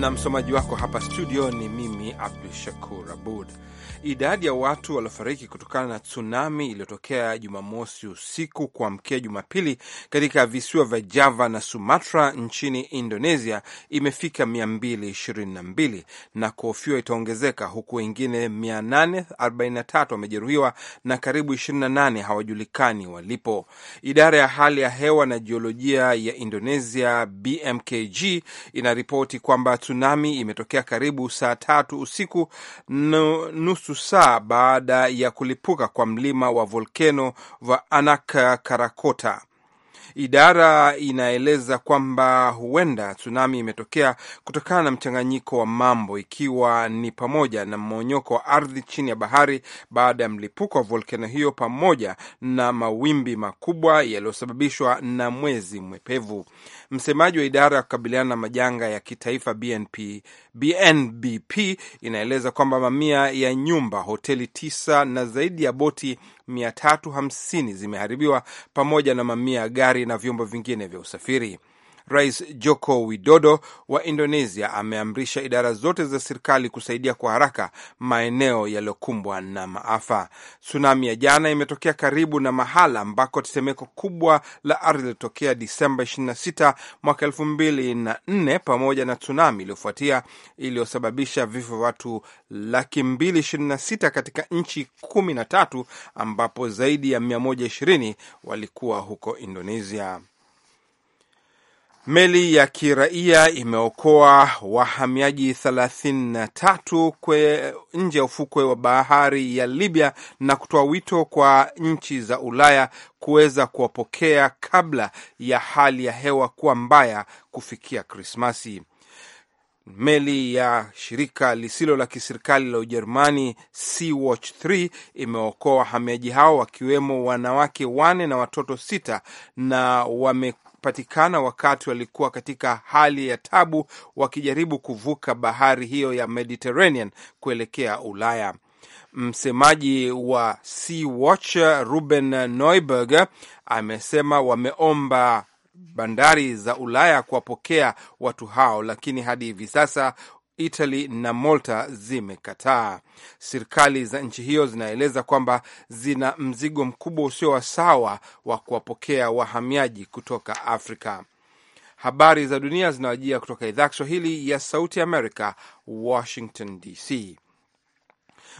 na msomaji wako hapa studio ni mimi Abdu Shakur Abud. Idadi ya watu waliofariki kutokana na tsunami iliyotokea Jumamosi usiku kuamkia Jumapili katika visiwa vya Java na Sumatra nchini Indonesia imefika 222 na kuhofiwa itaongezeka, huku wengine 843 wamejeruhiwa na karibu 28 hawajulikani walipo. Idara ya hali ya hewa na jiolojia ya Indonesia, BMKG, inaripoti kwamba tsunami imetokea karibu saa tatu usiku, nusu saa baada ya kulipuka kwa mlima wa volkeno wa Anak Karakota. Idara inaeleza kwamba huenda tsunami imetokea kutokana na mchanganyiko wa mambo, ikiwa ni pamoja na mmonyoko wa ardhi chini ya bahari baada ya mlipuko wa volkano hiyo, pamoja na mawimbi makubwa yaliyosababishwa na mwezi mwepevu. Msemaji wa idara ya kukabiliana na majanga ya kitaifa BNP, BNBP inaeleza kwamba mamia ya nyumba, hoteli tisa na zaidi ya boti 350 zimeharibiwa pamoja na mamia ya gari na vyombo vingine vya usafiri. Rais Joko Widodo wa Indonesia ameamrisha idara zote za serikali kusaidia kwa haraka maeneo yaliyokumbwa na maafa. Tsunami ya jana imetokea karibu na mahala ambako tetemeko kubwa la ardhi lilitokea Disemba 26 mwaka 2004 pamoja na tsunami iliyofuatia iliyosababisha vifo vya watu laki 226 katika nchi kumi na tatu ambapo zaidi ya 120 walikuwa huko Indonesia. Meli ya kiraia imeokoa wahamiaji 33 kwe nje ya ufukwe wa bahari ya Libya na kutoa wito kwa nchi za Ulaya kuweza kuwapokea kabla ya hali ya hewa kuwa mbaya kufikia Krismasi. Meli ya shirika lisilo la kiserikali la Ujerumani Sea Watch 3 imeokoa wahamiaji hao wakiwemo wanawake wane na watoto sita na wame patikana wakati walikuwa katika hali ya tabu wakijaribu kuvuka bahari hiyo ya Mediterranean kuelekea Ulaya. Msemaji wa Sea Watch Ruben Neuberger amesema wameomba bandari za Ulaya kuwapokea watu hao, lakini hadi hivi sasa Italy na Malta zimekataa. Serikali za nchi hiyo zinaeleza kwamba zina mzigo mkubwa usio wa sawa wa kuwapokea wahamiaji kutoka Afrika. Habari za dunia zinawajia kutoka idhaa Kiswahili ya Sauti Amerika, Washington DC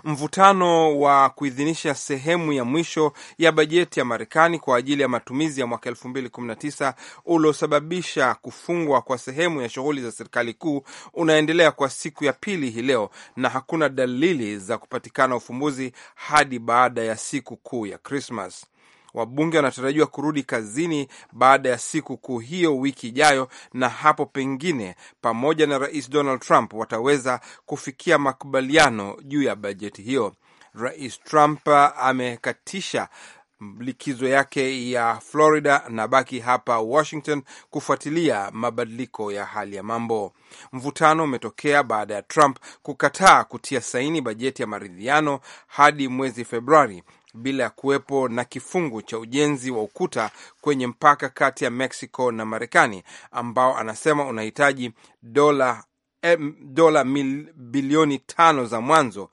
mvutano wa kuidhinisha sehemu ya mwisho ya bajeti ya Marekani kwa ajili ya matumizi ya mwaka 2019 uliosababisha kufungwa kwa sehemu ya shughuli za serikali kuu unaendelea kwa siku ya pili hii leo, na hakuna dalili za kupatikana ufumbuzi hadi baada ya siku kuu ya Krismas. Wabunge wanatarajiwa kurudi kazini baada ya siku kuu hiyo wiki ijayo, na hapo pengine pamoja na Rais Donald Trump wataweza kufikia makubaliano juu ya bajeti hiyo. Rais Trump amekatisha likizo yake ya Florida na baki hapa Washington kufuatilia mabadiliko ya hali ya mambo. Mvutano umetokea baada ya Trump kukataa kutia saini bajeti ya maridhiano hadi mwezi Februari, bila ya kuwepo na kifungu cha ujenzi wa ukuta kwenye mpaka kati ya Mexico na Marekani ambao anasema unahitaji dola dola bilioni tano za mwanzo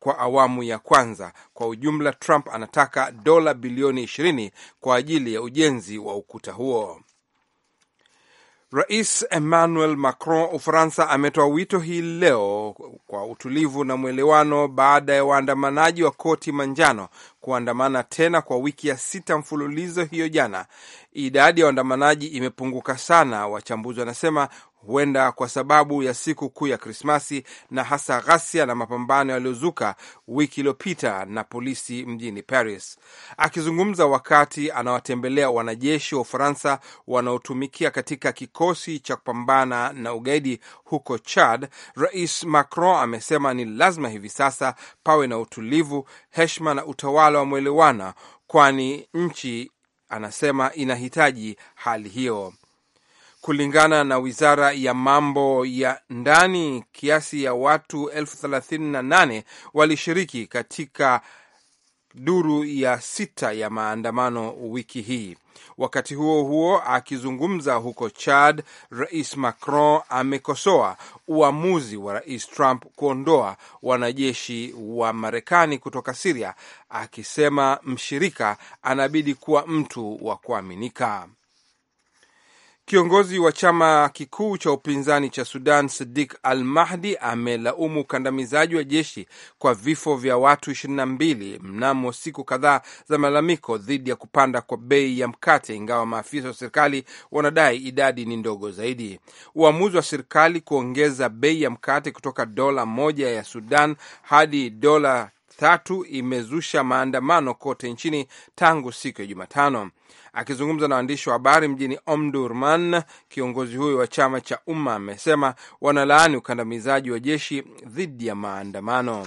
kwa awamu ya kwanza. Kwa ujumla, Trump anataka dola bilioni ishirini kwa ajili ya ujenzi wa ukuta huo. Rais Emmanuel Macron Ufaransa ametoa wito hii leo kwa utulivu na mwelewano baada ya waandamanaji wa koti manjano kuandamana tena kwa wiki ya sita mfululizo hiyo jana. Idadi ya waandamanaji imepunguka sana, wachambuzi wanasema huenda kwa sababu ya siku kuu ya Krismasi na hasa ghasia na mapambano yaliyozuka wiki iliyopita na polisi mjini Paris. Akizungumza wakati anawatembelea wanajeshi wa Ufaransa wanaotumikia katika kikosi cha kupambana na ugaidi huko Chad, Rais Macron amesema ni lazima hivi sasa pawe na utulivu, heshima na utawala wa mwelewana, kwani nchi anasema inahitaji hali hiyo. Kulingana na wizara ya mambo ya ndani, kiasi ya watu elfu thelathini na nane walishiriki katika duru ya sita ya maandamano wiki hii. Wakati huo huo, akizungumza huko Chad, Rais Macron amekosoa uamuzi wa Rais Trump kuondoa wanajeshi wa Marekani kutoka Siria, akisema mshirika anabidi kuwa mtu wa kuaminika. Kiongozi wa chama kikuu cha upinzani cha Sudan, sidik Al Mahdi, amelaumu ukandamizaji wa jeshi kwa vifo vya watu 22 mnamo siku kadhaa za malalamiko dhidi ya kupanda kwa bei ya mkate, ingawa maafisa wa serikali wanadai idadi ni ndogo zaidi. Uamuzi wa serikali kuongeza bei ya mkate kutoka dola moja ya Sudan hadi dola tatu imezusha maandamano kote nchini tangu siku ya Jumatano. Akizungumza na waandishi wa habari mjini Omdurman, kiongozi huyo wa chama cha Umma amesema wanalaani ukandamizaji wa jeshi dhidi ya maandamano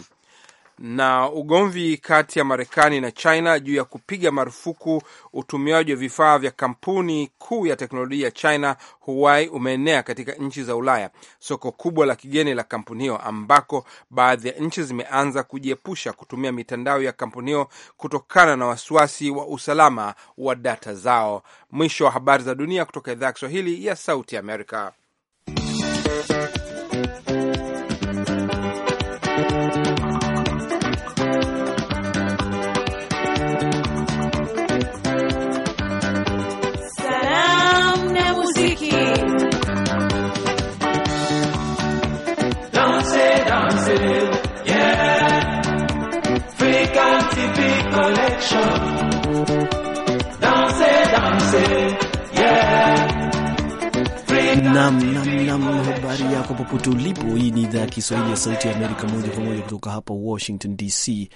na ugomvi kati ya Marekani na China juu ya kupiga marufuku utumiaji wa vifaa vya kampuni kuu ya teknolojia ya China Huawei umeenea katika nchi za Ulaya, soko kubwa la kigeni la kampuni hiyo, ambako baadhi ya nchi zimeanza kujiepusha kutumia mitandao ya kampuni hiyo kutokana na wasiwasi wa usalama wa data zao. Mwisho wa habari za dunia kutoka idhaa ya Kiswahili ya Sauti Amerika. action. Danser, danser, yeah. Nam, nam, nam, habari yako popote ulipo. Hii ni idhaa ya Kiswahili ya Sauti ya Amerika moja kwa moja kutoka hapa Washington DC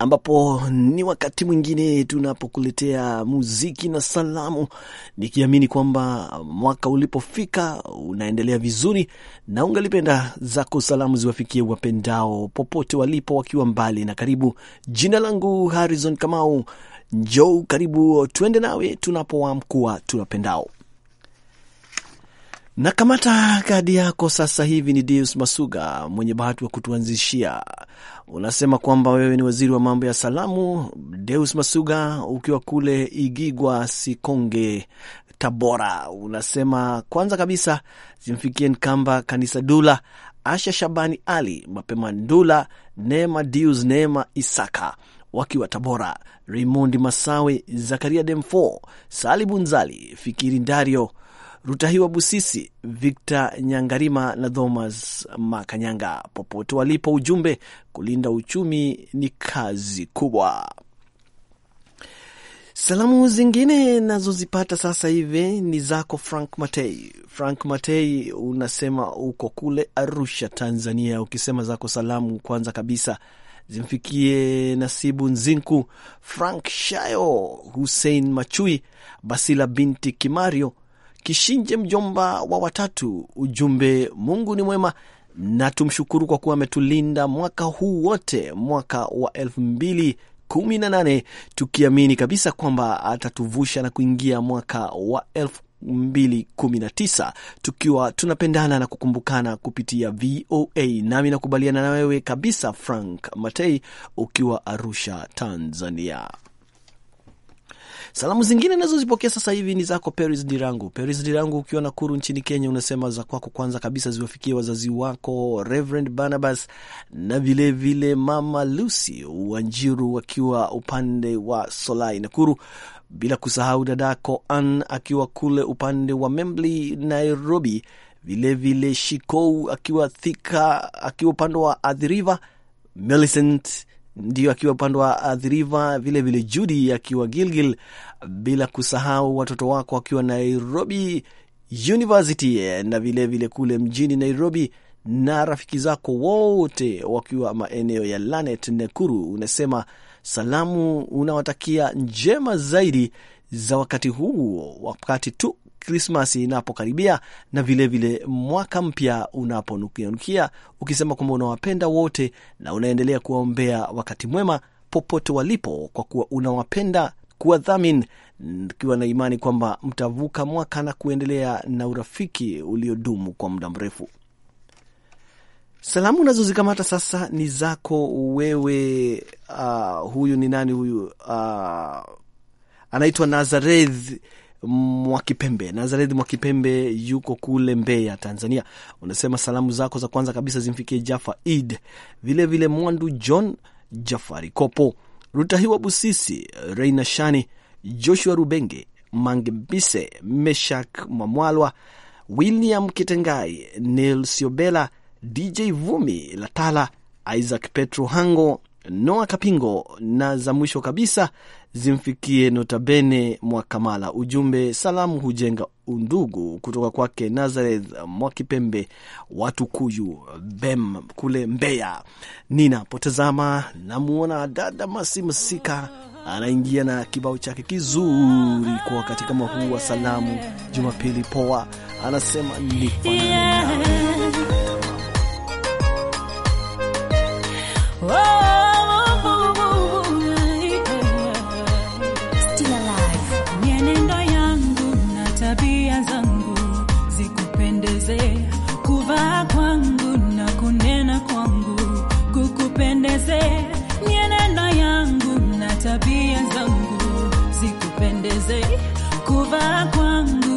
ambapo ni wakati mwingine tunapokuletea muziki na salamu, nikiamini kwamba mwaka ulipofika unaendelea vizuri na ungalipenda zako salamu ziwafikie wapendao popote walipo, wakiwa mbali na karibu. Jina langu Harrison Kamau, njoo karibu, tuende nawe tunapoamkua tunapendao na kamata kadi yako sasa hivi. Ni Deus Masuga mwenye bahati wa kutuanzishia, unasema kwamba wewe ni waziri wa mambo ya salamu. Deus Masuga ukiwa kule Igigwa, Sikonge, Tabora, unasema kwanza kabisa zimfikie Nkamba Kanisa Dula, Asha Shabani Ali Mapema, Ndula Neema, Deus Neema Isaka wakiwa Tabora, Raymond Masawe, Zakaria Demfo, Salibu Nzali, Fikiri Ndario Rutahiwa Busisi, Victor Nyangarima na Thomas Makanyanga. Popote walipo, ujumbe kulinda uchumi ni kazi kubwa. Salamu zingine nazozipata sasa hivi ni zako Frank Matei. Frank Matei, unasema uko kule Arusha, Tanzania, ukisema zako salamu kwanza kabisa zimfikie Nasibu Nzinku, Frank Shayo, Hussein Machui, Basila binti Kimario, Kishinje, mjomba wa watatu, ujumbe Mungu ni mwema na tumshukuru kwa kuwa ametulinda mwaka huu wote, mwaka wa elfu mbili kumi na nane, tukiamini kabisa kwamba atatuvusha na kuingia mwaka wa elfu tisa tukiwa tunapendana na kukumbukana kupitia VOA. Nami nakubaliana na wewe kabisa, Frank Matei, ukiwa Arusha, Tanzania. Salamu zingine nazozipokea sasa hivi ni zako Peris Dirangu. Peris Dirangu, ukiwa Nakuru nchini Kenya, unasema za kwako kwanza kabisa ziwafikie wazazi wako Reverend Barnabas na vilevile Mama Lucy Wanjiru wakiwa upande wa Solai Nakuru, bila kusahau dadako Ann akiwa kule upande wa Membley Nairobi, vilevile Shikou akiwa Thika akiwa upande wa Athi River, Millicent ndio akiwa upande wa Athi vilevile judi akiwa Gilgil, bila kusahau watoto wako akiwa Nairobi University na vilevile vile kule mjini Nairobi, na rafiki zako wote wakiwa maeneo ya Lanet, Nekuru. Unasema salamu unawatakia njema zaidi za wakati huu, wakati tu Krismasi inapokaribia na vilevile vile mwaka mpya unaponukianukia, ukisema kwamba unawapenda wote na unaendelea kuwaombea wakati mwema popote walipo, kwa kuwa unawapenda dhamin, ukiwa na imani kwamba mtavuka mwaka na kuendelea na urafiki uliodumu kwa muda mrefu. Salamu unazozikamata sasa ni zako wewe. Uh, huyu ni nani huyu? Uh, anaitwa Nazareth Mwakipembe, Nazareth Mwakipembe yuko kule Mbeya, Tanzania. Unasema salamu zako za kwanza kabisa zimfikie Jaffa Eid, vilevile Mwandu John Jafari Kopo, Rutahiwa Busisi, Reina Shani, Joshua Rubenge, Mangebise, Meshak Mwamwalwa, William Kitengai, Nel Siobela, DJ Vumi Latala, Isaac Petro Hango, Noa Kapingo, na za mwisho kabisa zimfikie Notabene Mwakamala. Ujumbe salamu hujenga undugu, kutoka kwake Nazareth Mwakipembe Watukuyu Bem kule Mbeya. Ninapotazama namwona dada Masi Msika anaingia na kibao chake kizuri kwa wakati kama huu wa salamu Jumapili poa, anasema ni kuvaa kwangu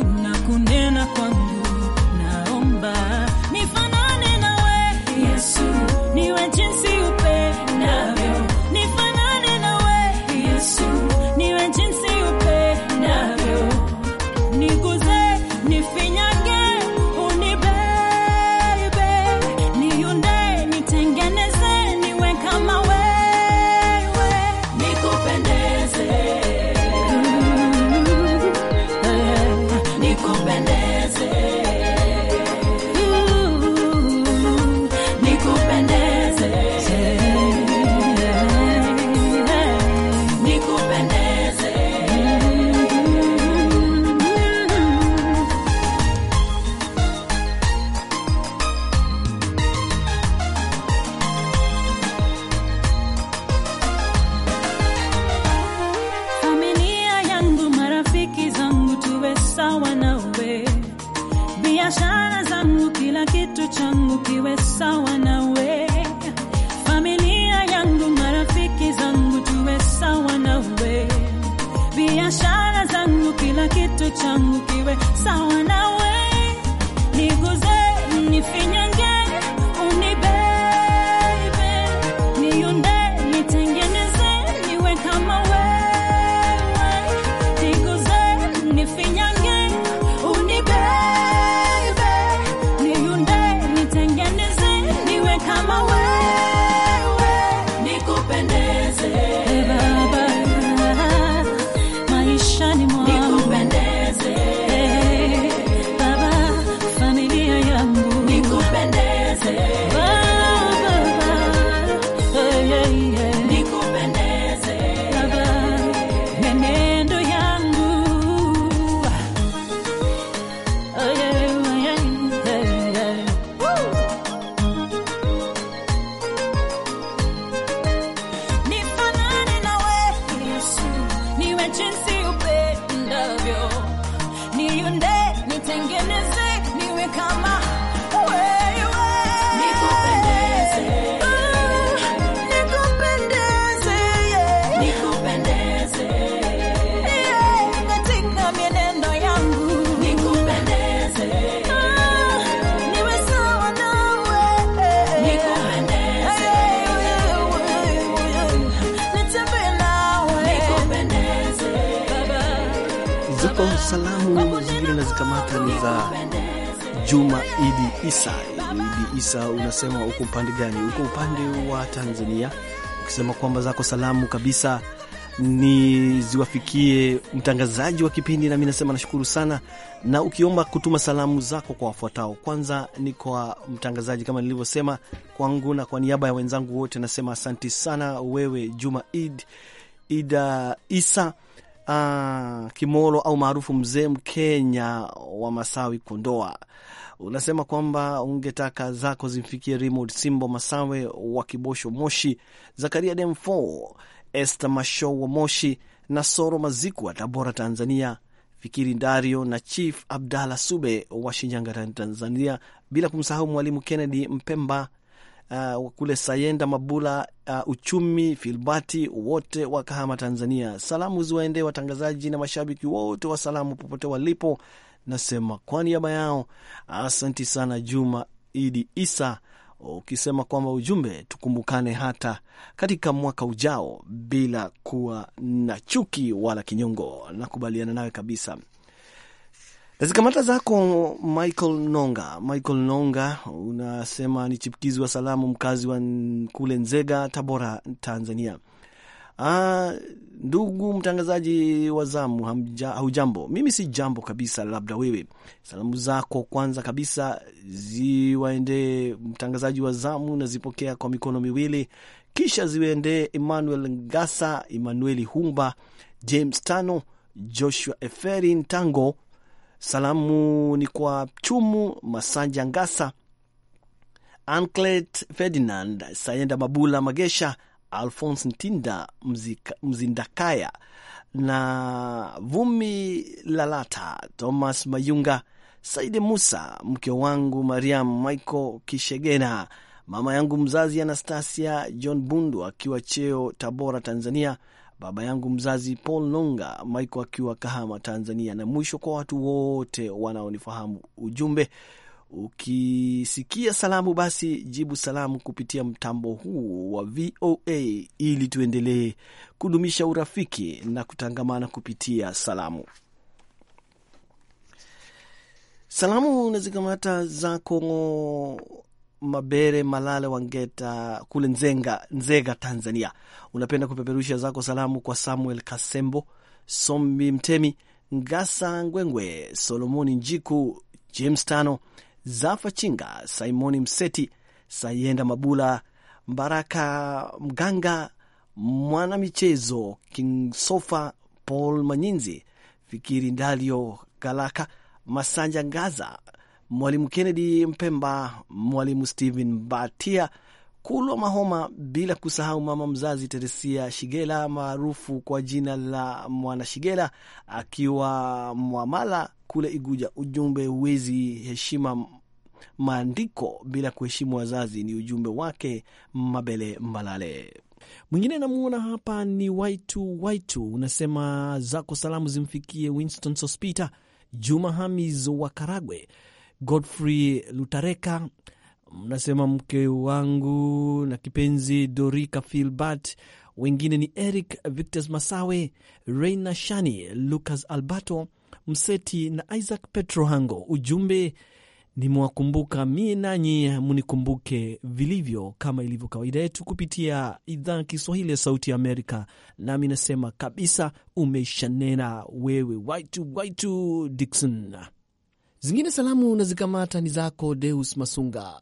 nazikamata ni za Juma Idi Isa. Idi Isa, unasema uko upande gani? Uko upande wa Tanzania, ukisema kwamba zako salamu kabisa ni ziwafikie mtangazaji wa kipindi, nami nasema nashukuru sana, na ukiomba kutuma salamu zako kwa wafuatao. Kwanza ni kwa mtangazaji kama nilivyosema kwangu, na kwa niaba ya wenzangu wote nasema asanti sana wewe Juma Id Ida Isa uh, Kimolo au maarufu mzee Mkenya wa Masawi Kondoa, unasema kwamba ungetaka zako zimfikie Rimod Simbo Masawe wa Kibosho Moshi, Zakaria Demfo, Esther Masho wa Moshi na Soro Maziku wa Tabora Tanzania, Fikiri Ndario na Chief abdalah Sube wa Shinyanga Tanzania, bila kumsahau Mwalimu Kennedy Mpemba uh, kule Sayenda Mabula, uh, Uchumi Filbati, wote wa Kahama, Tanzania. Salamu ziwaendee watangazaji na mashabiki wote wa salamu popote walipo, nasema kwa niaba yao asanti sana. Juma Idi Isa ukisema kwamba ujumbe tukumbukane hata katika mwaka ujao bila kuwa na chuki wala kinyongo. Nakubaliana nawe kabisa. Katika zako Michael Nonga, Michael Nonga unasema ni chipukizi wa salamu, mkazi wa kule Nzega, Tabora, Tanzania. Aa, ah, ndugu mtangazaji wa zamu, haujambo? Mimi si jambo kabisa, labda wewe. Salamu zako kwanza kabisa ziwaendee mtangazaji wa zamu, nazipokea kwa mikono miwili, kisha ziwaendee Emmanuel Ngasa, Emmanueli Humba, James Tano, Joshua Eferi Ntango, Salamu ni kwa Chumu Masanja Ngasa, Anclet Ferdinand Sayenda, Mabula Magesha, Alphonse Ntinda Mzika, Mzindakaya na Vumi Lalata, Thomas Mayunga, Saidi Musa, mke wangu Mariam Michael Kishegena, mama yangu mzazi Anastasia John Bundu akiwa Cheo, Tabora, Tanzania, baba yangu mzazi Paul Longa Maiko akiwa Kahama, Tanzania, na mwisho kwa watu wote wanaonifahamu. Ujumbe ukisikia salamu, basi jibu salamu kupitia mtambo huu wa VOA ili tuendelee kudumisha urafiki na kutangamana kupitia salamu. Salamu nazikamata zako Mabere Malale Wangeta kule Nzenga, Nzega, Tanzania, unapenda kupeperusha zako salamu kwa Samuel Kasembo, Sombi Mtemi, Ngasa Ngwengwe, Solomoni Njiku, James Tano, Zafa Chinga, Simoni Mseti, Sayenda Mabula, Mbaraka Mganga, Mwanamichezo sofa Paul Manyinzi, Fikiri Ndalio, Galaka Masanja Ngaza Mwalimu Kennedy Mpemba, Mwalimu Stephen batia Kulwa Mahoma, bila kusahau mama mzazi Teresia Shigela maarufu kwa jina la Mwana Shigela akiwa Mwamala kule Iguja. Ujumbe huwezi heshima maandiko bila kuheshimu wazazi, ni ujumbe wake Mabele Mbalale. Mwingine namuona hapa ni Waitu Waitu, unasema zako salamu zimfikie Winston Sospita, Juma Hamis wa Karagwe, Godfrey Lutareka mnasema mke wangu na kipenzi Dorika Filbert. Wengine ni Eric Victos Masawe, Reina Shani, Lucas albato Mseti na Isaac Petro Hango. Ujumbe nimewakumbuka mie, nanyi munikumbuke vilivyo, kama ilivyo kawaida yetu kupitia idhaa ya Kiswahili ya Sauti ya Amerika. Nami nasema kabisa, umeshanena wewe, waitu waitu Dikson. Zingine salamu na zikamata ni zako Deus Masunga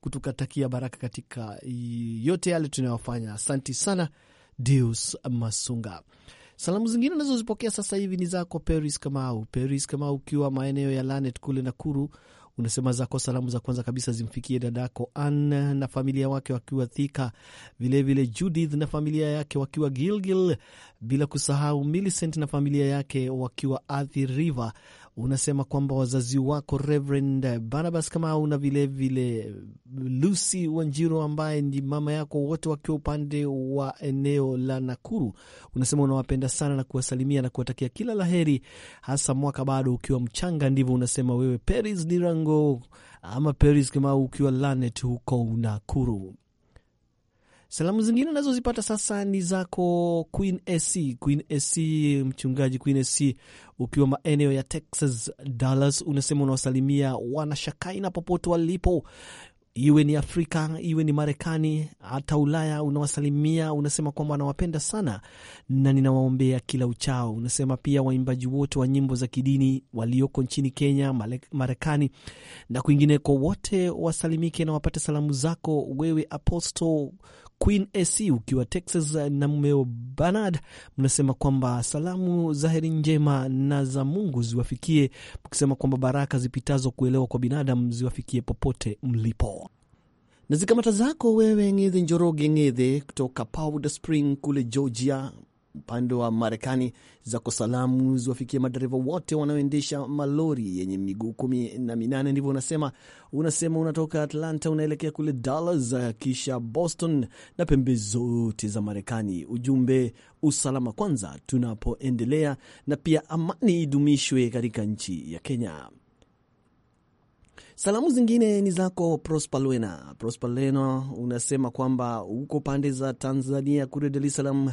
kutukatakia baraka katika yote yale tunayofanya. Asanti sana Deus Masunga. Salamu zingine nazozipokea sasa hivi ni zako Peris Kamau. Peris Kamau, ukiwa maeneo ya Lanet kule Nakuru, unasema zako salamu za kwanza kabisa zimfikie dadako Ann na familia wake wakiwa Thika, vilevile Judith na familia yake wakiwa Gilgil, bila kusahau Millicent na familia yake wakiwa Athi River unasema kwamba wazazi wako Reverend Barnabas Kamau na vilevile Lucy Wanjiru ambaye ni mama yako, wote wakiwa upande wa eneo la Nakuru. Unasema unawapenda sana na kuwasalimia na kuwatakia kila laheri, hasa mwaka bado ukiwa mchanga. Ndivyo unasema wewe Peris Nirango ama Peris Kamau ukiwa Lanet huko Nakuru. Salamu zingine nazozipata sasa ni zako Queen AC, Queen AC, mchungaji Queen AC, ukiwa maeneo ya Texas, Dallas, unasema unawasalimia wanashakaina popote walipo iwe ni Afrika iwe ni Marekani hata Ulaya, unawasalimia unasema kwamba anawapenda sana na ninawaombea kila uchao. Unasema pia waimbaji wote wa nyimbo za kidini walioko nchini Kenya, Marekani na kwingineko, wote wasalimike na wapate salamu zako wewe, Apostle Queen AC ukiwa Texas na mmeo Bernard, mnasema kwamba salamu za heri njema na za Mungu ziwafikie, mkisema kwamba baraka zipitazo kuelewa kwa binadamu ziwafikie popote mlipo na zikamata zako wewe ngedhe Njoroge ngedhe kutoka Powder Spring kule Georgia, upande wa Marekani zako salamu ziwafikia madereva wote wanaoendesha malori yenye miguu kumi na minane, ndivyo unasema. Unasema unatoka Atlanta unaelekea kule Dallas, kisha Boston na pembe zote za Marekani. Ujumbe usalama kwanza tunapoendelea, na pia amani idumishwe katika nchi ya Kenya. Salamu zingine ni zako Prospalwena. Prospalwena unasema kwamba uko pande za Tanzania kule Dar es Salaam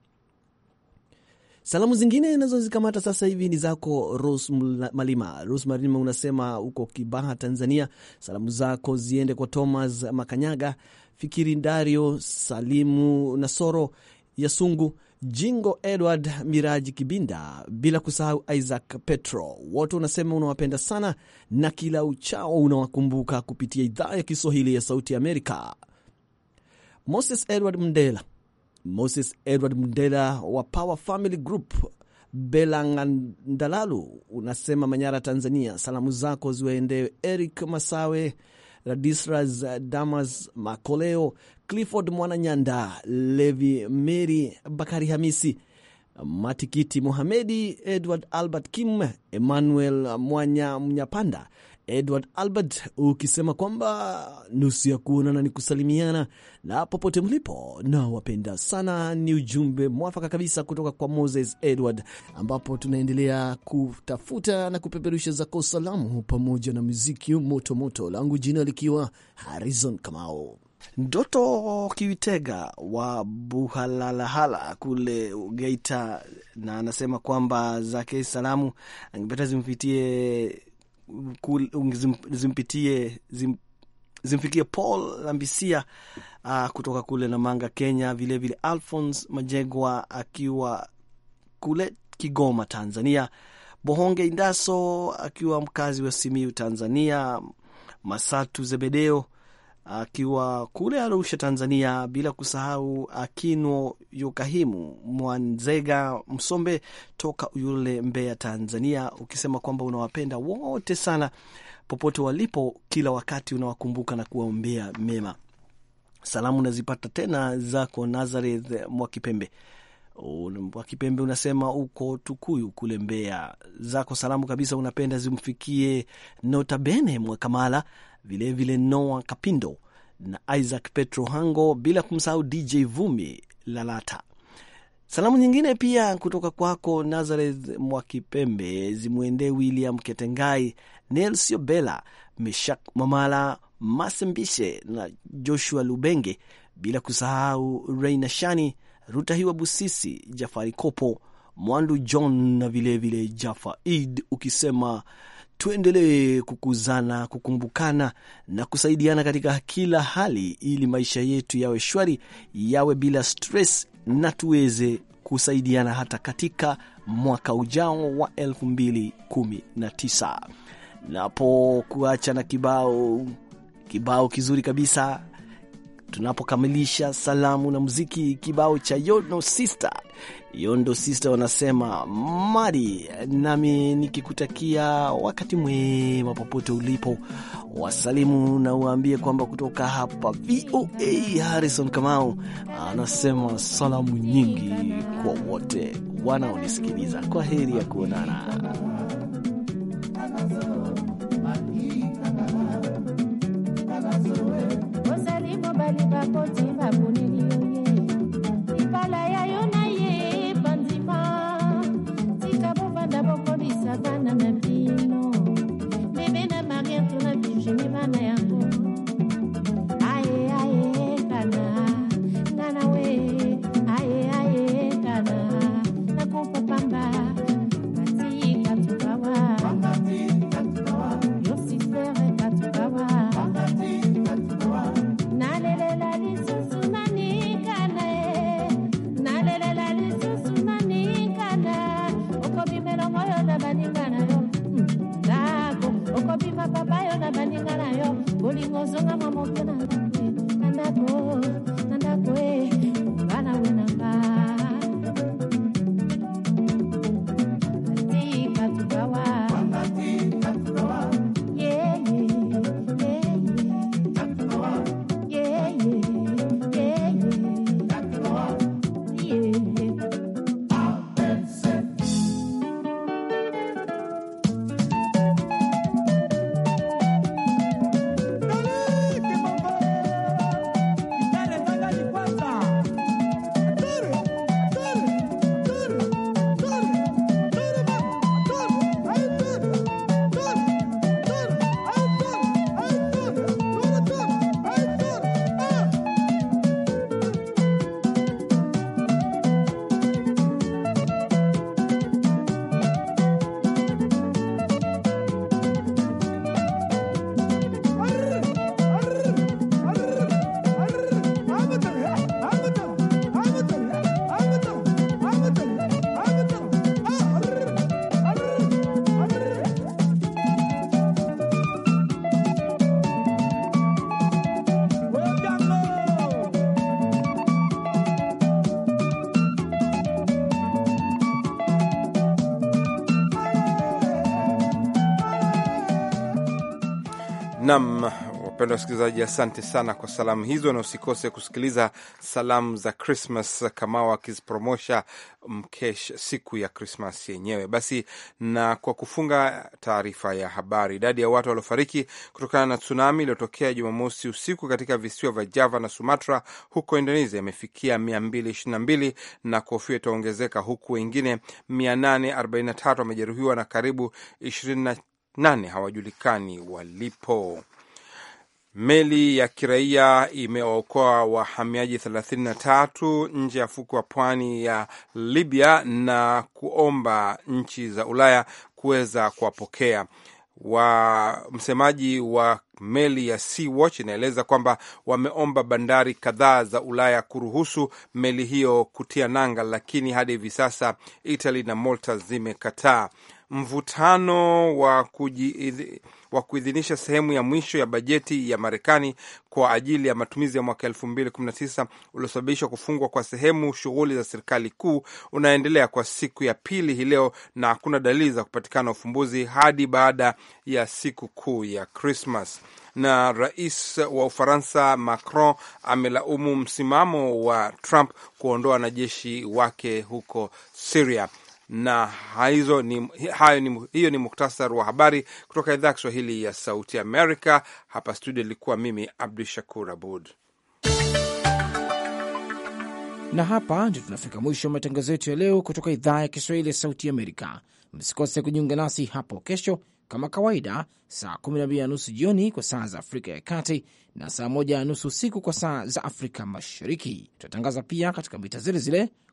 Salamu zingine nazozikamata sasa hivi ni zako ros Malima. ros Malima unasema uko Kibaha, Tanzania. Salamu zako ziende kwa Thomas Makanyaga, Fikiri Ndario, Salimu Nasoro, Yasungu Jingo, Edward Miraji Kibinda, bila kusahau Isaac Petro. Wote unasema unawapenda sana na kila uchao unawakumbuka kupitia idhaa ya Kiswahili ya Sauti Amerika. Moses Edward Mndela Moses Edward Mndela wa Power Family Group Belangandalalu unasema Manyara, Tanzania. Salamu zako ziwaendee Eric Masawe, Radisras Damas Makoleo, Clifford Mwananyanda, Levi Meri, Bakari Hamisi, Matikiti Mohamedi, Edward Albert Kim, Emmanuel Mwanya Mnyapanda, Edward Albert ukisema kwamba nusu ya kuonana ni kusalimiana na popote mlipo na wapenda sana. Ni ujumbe mwafaka kabisa kutoka kwa Moses Edward, ambapo tunaendelea kutafuta na kupeperusha zako salamu pamoja na muziki motomoto moto, langu jina likiwa harizon Kamao. Ndoto Kiwitega wa Buhalalahala kule Geita, na anasema kwamba zake salamu angepeta zimpitie zimpitie zim, zimfikie Paul Lambisia uh, ah, kutoka kule Namanga, Kenya, vilevile Alphons Majegwa akiwa kule Kigoma, Tanzania, Bohonge Indaso akiwa mkazi wa Simiu, Tanzania, Masatu Zebedeo akiwa kule Arusha, Tanzania, bila kusahau Akino Yukahimu Mwanzega Msombe toka Uyule, Mbeya, Tanzania, ukisema kwamba unawapenda wote sana popote walipo, kila wakati unawakumbuka na kuwaombea mema. Salamu nazipata tena zako Nazareth Mwakipembe. Mwakipembe unasema uko Tukuyu kule Mbeya, zako salamu kabisa unapenda zimfikie Notabene Mwakamala vilevile Noah Kapindo na Isaac Petro Hango, bila kumsahau DJ Vumi Lalata. Salamu nyingine pia kutoka kwako Nazareth Mwakipembe zimwendee William Ketengai, Nelsio Bela, Meshak Mamala, Masembishe na Joshua Lubenge, bila kusahau Reina Shani, Rutahiwa Busisi, Jafari Kopo, Mwandu John na vilevile Jafa Id ukisema tuendelee kukuzana, kukumbukana na kusaidiana katika kila hali, ili maisha yetu yawe shwari, yawe bila stress, na tuweze kusaidiana hata katika mwaka ujao wa 2019. Napokuacha na kibao kibao kizuri kabisa tunapokamilisha salamu na muziki. Kibao cha Yondo Sister, Yondo Sister wanasema mari, nami nikikutakia wakati mwema popote ulipo. Wasalimu na uambie kwamba kutoka hapa VOA Harrison Kamau anasema salamu nyingi kwa wote wanaonisikiliza. Kwa heri ya kuonana. basolowe osali mobali bakoti Wapendwa wasikilizaji, asante sana kwa salamu hizo, na usikose kusikiliza salamu za Krismas Kamau akizipromosha mkesh siku ya Krismas yenyewe. Basi, na kwa kufunga taarifa ya habari, idadi ya watu waliofariki kutokana na tsunami iliyotokea Jumamosi usiku katika visiwa vya Java na Sumatra huko Indonesia imefikia 222 na kuhofia itaongezeka, huku wengine 843 wamejeruhiwa na karibu 28 hawajulikani walipo. Meli ya kiraia imewaokoa wahamiaji 33 nje ya fuku wa pwani ya Libya na kuomba nchi za Ulaya kuweza kuwapokea. Wa msemaji wa meli ya Sea Watch inaeleza kwamba wameomba bandari kadhaa za Ulaya kuruhusu meli hiyo kutia nanga, lakini hadi hivi sasa Italy na Malta zimekataa mvutano wa kuji wa kuidhinisha sehemu ya mwisho ya bajeti ya Marekani kwa ajili ya matumizi ya mwaka tisa uliosababishwa kufungwa kwa sehemu shughuli za serikali kuu unaendelea kwa siku ya pili hii leo, na hakuna dalili za kupatikana ufumbuzi hadi baada ya siku kuu ya Krismas. Na rais wa Ufaransa Macron amelaumu msimamo wa Trump kuondoa wanajeshi wake huko Siria na hizo ni, hayo ni, hiyo ni muktasar wa habari kutoka idhaa ya Kiswahili ya Sauti Amerika. Hapa studio ilikuwa mimi Abdu Shakur Abud, na hapa ndio tunafika mwisho wa matangazo yetu ya leo kutoka idhaa ya Kiswahili ya Sauti Amerika. Msikose kujiunga nasi hapo kesho kama kawaida saa 12 na nusu jioni kwa saa za Afrika ya Kati na saa 1 na nusu usiku kwa saa za Afrika Mashariki. tunatangaza pia katika mita zile zile